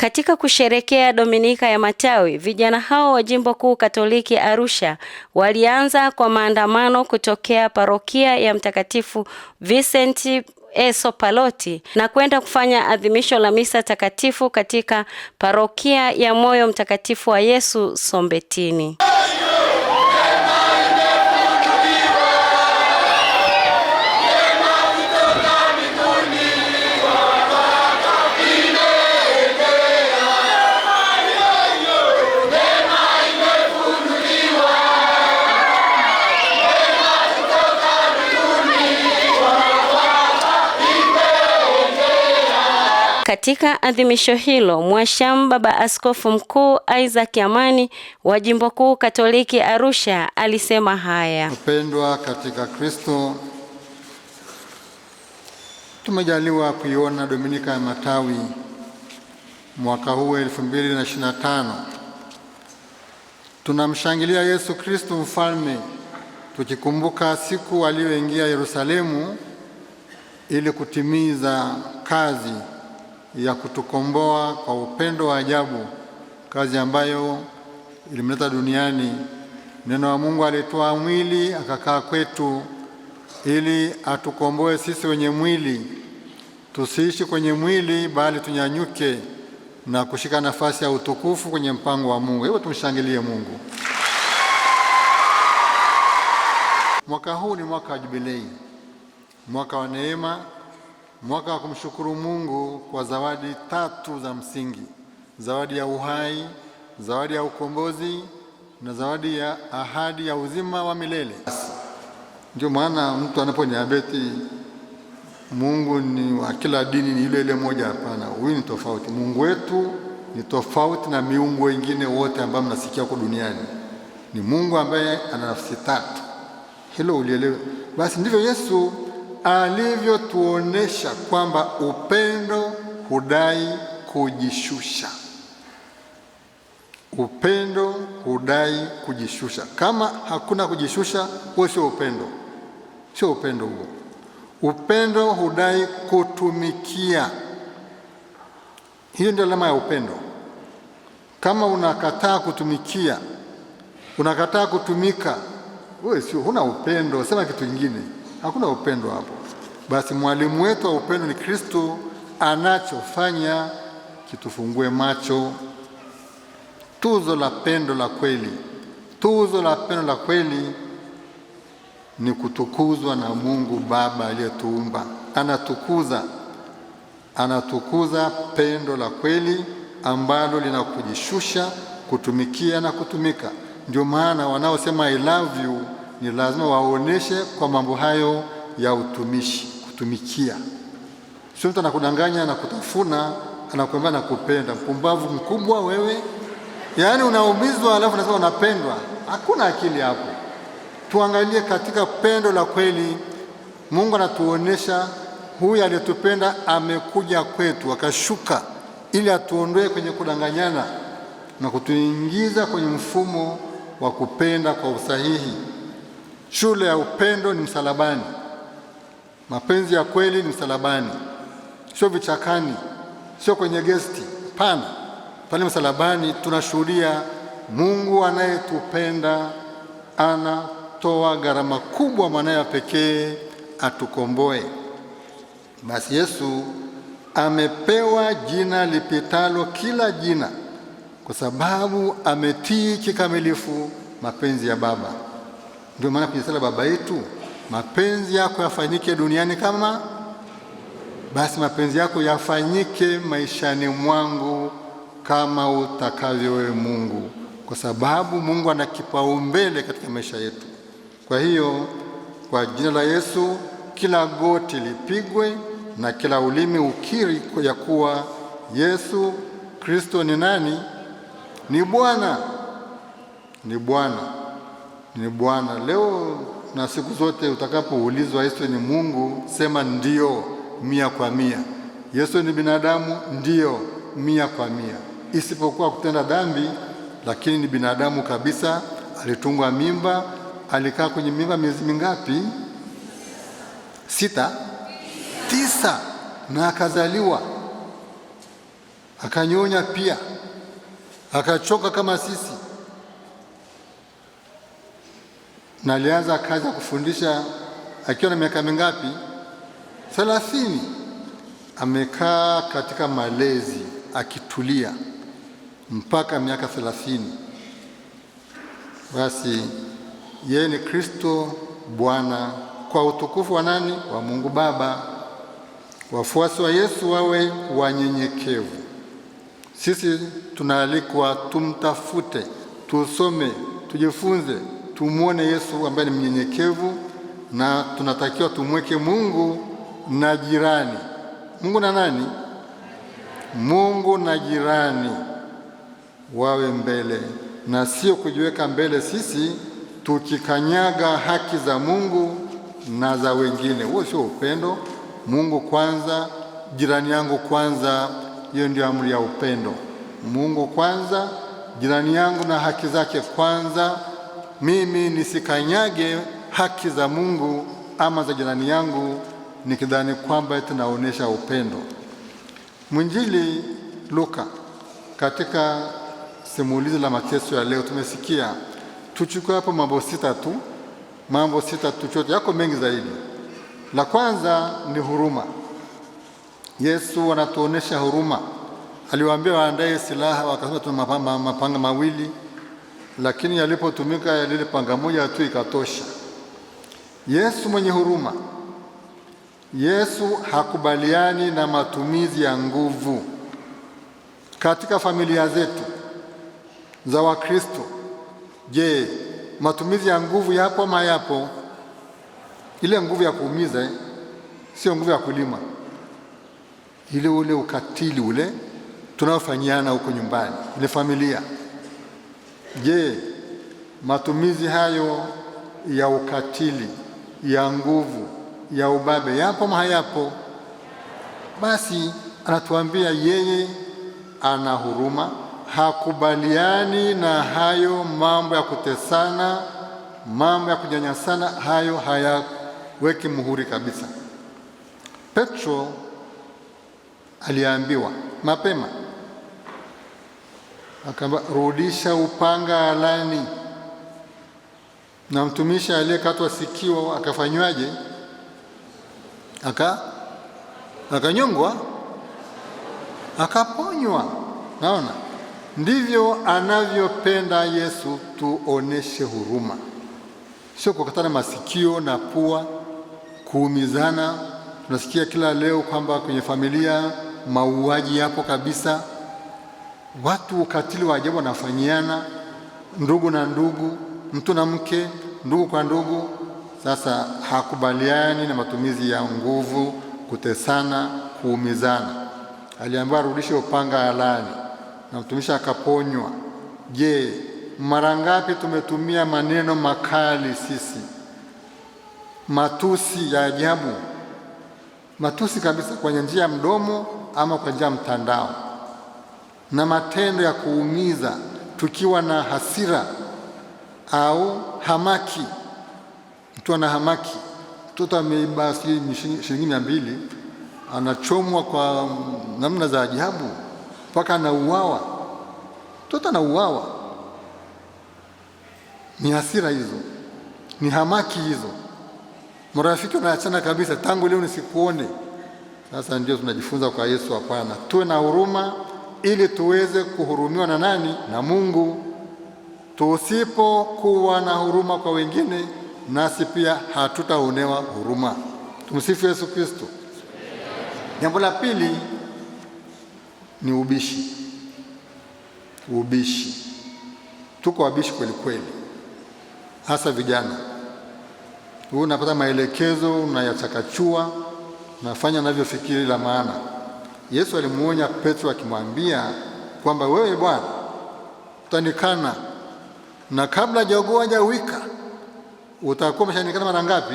Katika kusherekea Dominika ya Matawi, vijana hao wa Jimbo Kuu Katoliki Arusha walianza kwa maandamano kutokea parokia ya Mtakatifu Vincent Eso Paloti na kwenda kufanya adhimisho la misa takatifu katika parokia ya Moyo Mtakatifu wa Yesu Sombetini. Katika adhimisho hilo, Mwasham Baba Askofu Mkuu Isaac Amani wa Jimbo Kuu Katoliki Arusha alisema haya. Tupendwa katika Kristo, tumejaliwa kuiona Dominika ya Matawi mwaka huu 2025. Tunamshangilia Yesu Kristo mfalme tukikumbuka siku aliyoingia Yerusalemu ili kutimiza kazi ya kutukomboa kwa upendo wa ajabu, kazi ambayo ilimleta duniani neno wa Mungu alitoa mwili akakaa kwetu ili atukomboe sisi wenye mwili, tusiishi kwenye mwili, bali tunyanyuke na kushika nafasi ya utukufu kwenye mpango wa Mungu. Hebu tumshangilie Mungu. Mwaka huu ni mwaka wa jubilei, mwaka wa neema mwaka wa kumshukuru Mungu kwa zawadi tatu za msingi: zawadi ya uhai, zawadi ya ukombozi na zawadi ya ahadi ya uzima wa milele. Ndio maana mtu anaponiambia eti Mungu ni wa kila dini ni ile ile moja, hapana. Huyu ni tofauti. Mungu wetu ni tofauti na miungu wengine wote ambao mnasikia huko duniani. Ni Mungu ambaye ana nafsi tatu, hilo ulielewe. Basi ndivyo Yesu alivyotuonesha kwamba upendo hudai kujishusha. Upendo hudai kujishusha. Kama hakuna kujishusha, huo sio upendo, sio upendo huo. Upendo hudai kutumikia. Hiyo ndio alama ya upendo. Kama unakataa kutumikia, unakataa kutumika, wewe sio, huna upendo. Sema kitu kingine. Hakuna upendo hapo. Basi mwalimu wetu wa upendo ni Kristo, anachofanya kitufungue macho. Tuzo la pendo la kweli, tuzo la pendo la kweli ni kutukuzwa na Mungu Baba aliyetuumba. Anatukuza, anatukuza pendo la kweli ambalo linakujishusha kutumikia na kutumika. Ndio maana wanaosema I love you ni lazima waoneshe kwa mambo hayo ya utumishi, kutumikia. Sio mtu anakudanganya na kutafuna, anakuambia nakupenda. Mpumbavu mkubwa wewe, yaani unaumizwa alafu unasema unapendwa. Hakuna akili hapo. Tuangalie katika pendo la kweli. Mungu anatuonesha huyu aliyetupenda amekuja kwetu akashuka ili atuondoe kwenye kudanganyana na kutuingiza kwenye mfumo wa kupenda kwa usahihi. Shule ya upendo ni msalabani. Mapenzi ya kweli ni msalabani, sio vichakani, sio kwenye gesti. Hapana, pale msalabani tunashuhudia Mungu anayetupenda anatoa gharama kubwa mwanaye pekee atukomboe. Basi Yesu amepewa jina lipitalo kila jina, kwa sababu ametii kikamilifu mapenzi ya Baba. Ndio maana kwenye sala Baba yetu, mapenzi yako yafanyike duniani kama, basi mapenzi yako yafanyike maishani mwangu kama utakavyo wewe Mungu, kwa sababu Mungu ana kipaumbele katika maisha yetu. Kwa hiyo kwa jina la Yesu kila goti lipigwe na kila ulimi ukiri ya kuwa Yesu Kristo ni nani? Ni Bwana, ni Bwana ni Bwana. Leo na siku zote utakapoulizwa Yesu ni Mungu, sema ndio mia kwa mia. Yesu ni binadamu, ndio mia kwa mia, isipokuwa kutenda dhambi, lakini ni binadamu kabisa. Alitungwa mimba, alikaa kwenye mimba miezi mingapi? Sita, tisa, na akazaliwa, akanyonya pia, akachoka kama sisi na alianza kazi ya kufundisha akiwa na miaka mingapi? Thelathini. Amekaa katika malezi akitulia mpaka miaka thelathini. Basi yeye ni Kristo Bwana kwa utukufu wa nani? Wa Mungu Baba. Wafuasi wa Yesu wawe wanyenyekevu. Sisi tunaalikwa tumtafute, tusome, tujifunze tumwone Yesu ambaye ni mnyenyekevu, na tunatakiwa tumweke Mungu na jirani. Mungu na nani? Mungu na jirani wawe mbele, na sio kujiweka mbele sisi tukikanyaga haki za Mungu na za wengine. Huo sio upendo. Mungu kwanza, jirani yangu kwanza. Hiyo ndio amri ya upendo. Mungu kwanza, jirani yangu na haki zake kwanza mimi nisikanyage haki za Mungu ama za jirani yangu nikidhani kwamba tunaonyesha upendo. Mwinjili Luka katika simulizi la mateso ya leo tumesikia, tuchukue hapo mambo sita tu, mambo sita tu, chote yako mengi zaidi. La kwanza ni huruma. Yesu anatuonesha huruma, aliwaambia waandae silaha, wakasema tuna mapanga mawili lakini yalipotumika lile panga moja tu ikatosha. Yesu mwenye huruma, Yesu hakubaliani na matumizi ya nguvu katika familia zetu za Wakristo. Je, matumizi ya nguvu yapo ama yapo? Ile nguvu ya kuumiza eh? Sio nguvu ya kulima, ile ule ukatili ule tunaofanyiana huko nyumbani, ile familia Je, matumizi hayo ya ukatili, ya nguvu, ya ubabe yapo mahayapo? Basi anatuambia yeye ana huruma, hakubaliani na hayo mambo ya kutesana, mambo ya kunyanyasana, hayo hayaweki muhuri kabisa. Petro aliambiwa mapema akamba rudisha upanga alani. Na mtumishi aliyekatwa sikio akafanywaje? Aka akanyongwa, akaponywa. Naona ndivyo anavyopenda Yesu, tuoneshe huruma, sio kukatana masikio na pua, kuumizana. Tunasikia kila leo kwamba kwenye familia mauaji yapo kabisa. Watu ukatili wa ajabu wanafanyiana, ndugu na ndugu, mtu na mke, ndugu kwa ndugu. Sasa hakubaliani na matumizi ya nguvu, kutesana, kuumizana. Aliambiwa arudishe upanga alani na mtumishi akaponywa. Je, mara ngapi tumetumia maneno makali sisi, matusi ya ajabu, matusi kabisa, kwenye njia ya mdomo ama kwa njia ya mtandao? na matendo ya kuumiza tukiwa na hasira au hamaki. Mtu ana hamaki, mtoto ameiba sijui shilingi mia mbili, anachomwa kwa namna za ajabu mpaka anauawa. Mtoto anauawa, ni hasira hizo, ni hamaki hizo. Marafiki unaachana kabisa, tangu leo nisikuone. Sasa ndio tunajifunza kwa Yesu, hapana, tuwe na huruma ili tuweze kuhurumiwa na nani? Na Mungu. Tusipokuwa na huruma kwa wengine, nasi pia hatutaonewa huruma. Tumsifu Yesu Kristo. Jambo la pili ni ubishi. Ubishi, tuko wabishi kweli kweli, hasa vijana. Wewe unapata maelekezo, unayachakachua, unafanya navyofikiri la maana Yesu alimuonya Petro akimwambia kwamba wewe Bwana utanikana, na kabla jogoo hajawika utakuwa umeshanikana mara ngapi?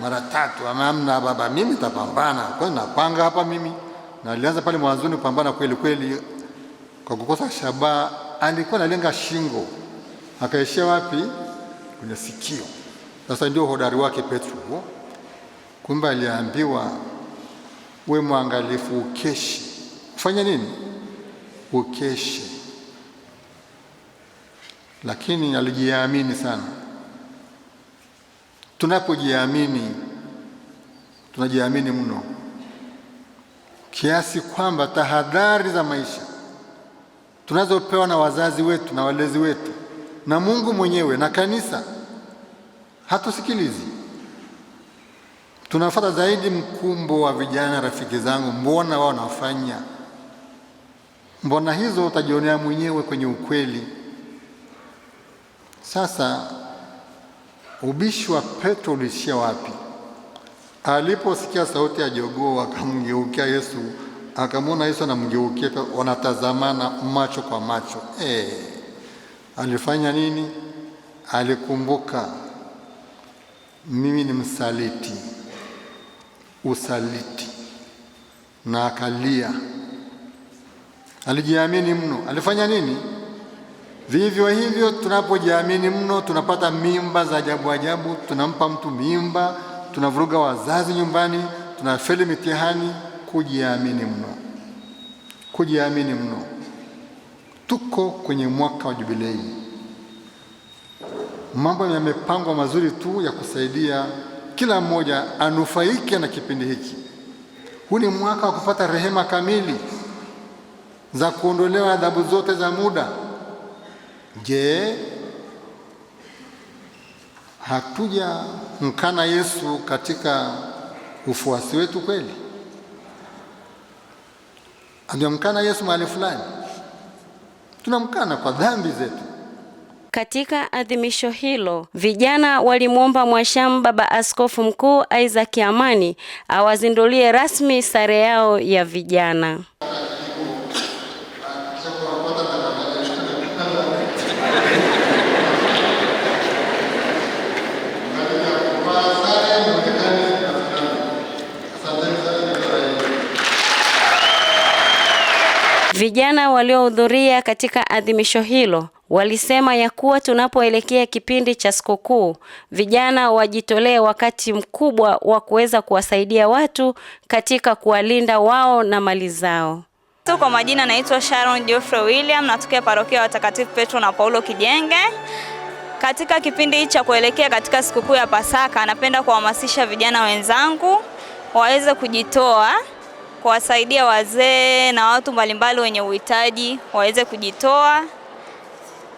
Mara tatu. Amamna baba, mimi tapambana kwanza, napanga hapa mimi. Na alianza pale mwanzoni kupambana kweli kweli, kwa kukosa shabaa Alikuwa analenga shingo, akaishia wapi? Kwenye sikio. Sasa ndio hodari wake Petro. Kumbe aliambiwa we mwangalifu, ukeshe. Fanya nini? Ukeshe. Lakini alijiamini sana. Tunapojiamini, tunajiamini mno kiasi kwamba tahadhari za maisha tunazopewa na wazazi wetu na walezi wetu na Mungu mwenyewe na kanisa hatusikilizi tunafata zaidi mkumbo wa vijana rafiki zangu, mbona wao wanafanya, mbona hizo, utajionea mwenyewe kwenye ukweli. Sasa ubishi wa Petro ulishia wapi? Aliposikia sauti ya jogoo akamgeukia Yesu, akamwona Yesu anamgeukia, wanatazamana macho kwa macho. E, alifanya nini? Alikumbuka mimi ni msaliti usaliti na akalia. Alijiamini mno, alifanya nini? Vivyo hivyo tunapojiamini mno, tunapata mimba za ajabu ajabu, tunampa mtu mimba, tunavuruga wazazi nyumbani, tunafeli mitihani. Kujiamini mno, kujiamini mno. Tuko kwenye mwaka wa Jubilei, mambo yamepangwa mazuri tu ya kusaidia kila mmoja anufaike na kipindi hiki. Huu ni mwaka wa kupata rehema kamili za kuondolewa adhabu zote za muda. Je, hatuja mkana Yesu katika ufuasi wetu kweli? Hatujamkana Yesu mahali fulani, tunamkana kwa dhambi zetu. Katika adhimisho hilo, vijana walimwomba Mhashamu Baba Askofu Mkuu Isaac Amani awazindulie rasmi sare yao ya vijana. Vijana waliohudhuria katika adhimisho hilo Walisema ya kuwa tunapoelekea kipindi cha sikukuu, vijana wajitolee wakati mkubwa wa kuweza kuwasaidia watu katika kuwalinda wao na mali zao. Kwa majina naitwa Sharon Geoffrey William, natokea parokia Watakatifu Petro na Paulo Kijenge. Katika kipindi cha kuelekea katika sikukuu ya Pasaka, napenda kuhamasisha vijana wenzangu waweze kujitoa kuwasaidia wazee na watu mbalimbali wenye uhitaji waweze kujitoa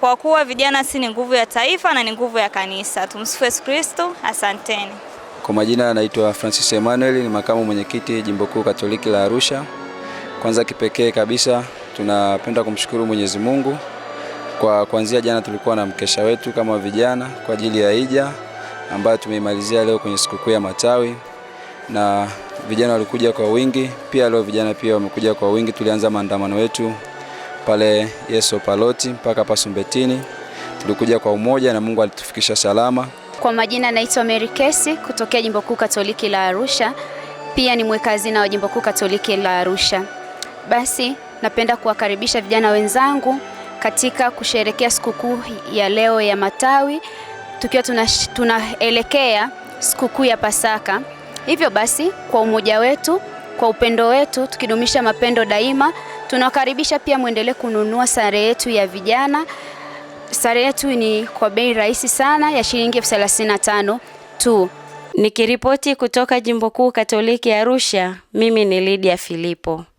kwa kuwa vijana si ni nguvu ya taifa na ni nguvu ya kanisa. Tumsifu Yesu Kristo. Asanteni. Kwa majina anaitwa Francis Emmanuel, ni makamu mwenyekiti jimbo kuu Katoliki la Arusha. Kwanza kipekee kabisa tunapenda kumshukuru Mwenyezi Mungu kwa kuanzia jana tulikuwa na mkesha wetu kama vijana kwa ajili ya hija ambayo tumeimalizia leo kwenye sikukuu ya matawi, na vijana walikuja kwa wingi. Pia leo vijana pia wamekuja kwa wingi, tulianza maandamano yetu pale Yeso Paloti mpaka Sumbetini. Tulikuja kwa umoja na Mungu alitufikisha salama. Kwa majina naitwa Mary Kesi kutokea Jimbo Kuu Katoliki la Arusha, pia ni mweka hazina wa Jimbo Kuu Katoliki la Arusha. Basi napenda kuwakaribisha vijana wenzangu katika kusherekea sikukuu ya leo ya matawi tukiwa tunaelekea tuna sikukuu ya Pasaka. Hivyo basi, kwa umoja wetu, kwa upendo wetu, tukidumisha mapendo daima Tunawakaribisha pia mwendelee kununua sare yetu ya vijana. Sare yetu ni kwa bei rahisi sana ya shilingi elfu thelathini na tano tu. Nikiripoti kutoka Jimbo Kuu Katoliki Arusha, mimi ni Lydia Filipo.